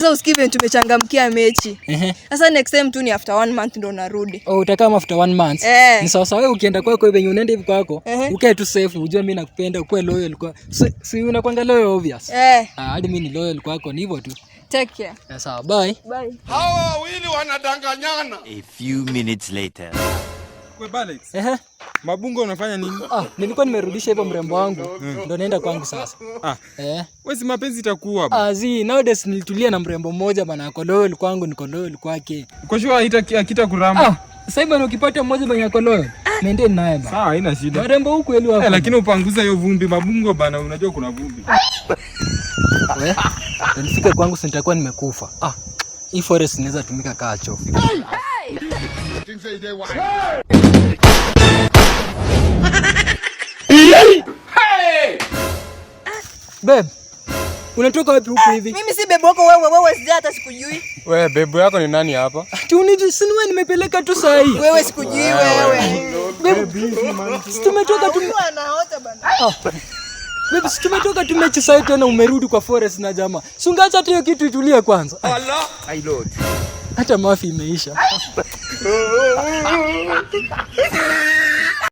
Sasa usikive tumechangamkia mechi. Sasa next time tu ni after one month ndo narudi. Oh, utakaa kama after one month. Eh. Ni sawa sawa wewe ukienda kwako hivi unaenda hivi kwako. Ukae tu safe, unajua mimi nakupenda, ukae loyal kwa. Si unakwanga loyal obvious. Eh. Ah, hadi mimi ni loyal kwako ni hivyo tu. Take care. Eh, sawa, bye. Bye. Hawa wawili wanadanganyana. A few minutes later. Ehe. Mabungo unafanya nini? Ah, nilikuwa nimerudisha hivyo mrembo wangu. Hmm. Ndio naenda kwangu sasa. Ah. Eh. Wewe si mapenzi itakuwa bwana. Ah, zi, nowadays nilitulia na mrembo mmoja bwana, koloyo kwangu ni koloyo kwake. Kwa sure haita kita kuramba. Ah, sasa bwana ukipata mmoja bwana koloyo, nende naye bwana. Sawa, haina shida. Mrembo huku eli eh, wako. Eh, lakini upanguza hiyo vumbi mabungo bwana, unajua kuna vumbi. Wewe, nifike kwangu sitakuwa nimekufa. Ah. Hii forest inaweza tumika kaa chofi. Hey! Hey! Babe, unatoka wapi huku hivi? Mimi si babe wako wewe, wewe sija hata sikujui. Wewe babe yako ni nani hapa? Ati unijui, si wewe nimepeleka tu saa hii. Wewe sikujui wewe. Babe, tumetoka tu. Anaota bana. Ah. Babe, si tumetoka tu mechi saa hii tena umerudi kwa forest na jamaa. Si ungeacha hata hiyo kitu itulie kwanza. Allah, I lord. Hata mafi imeisha.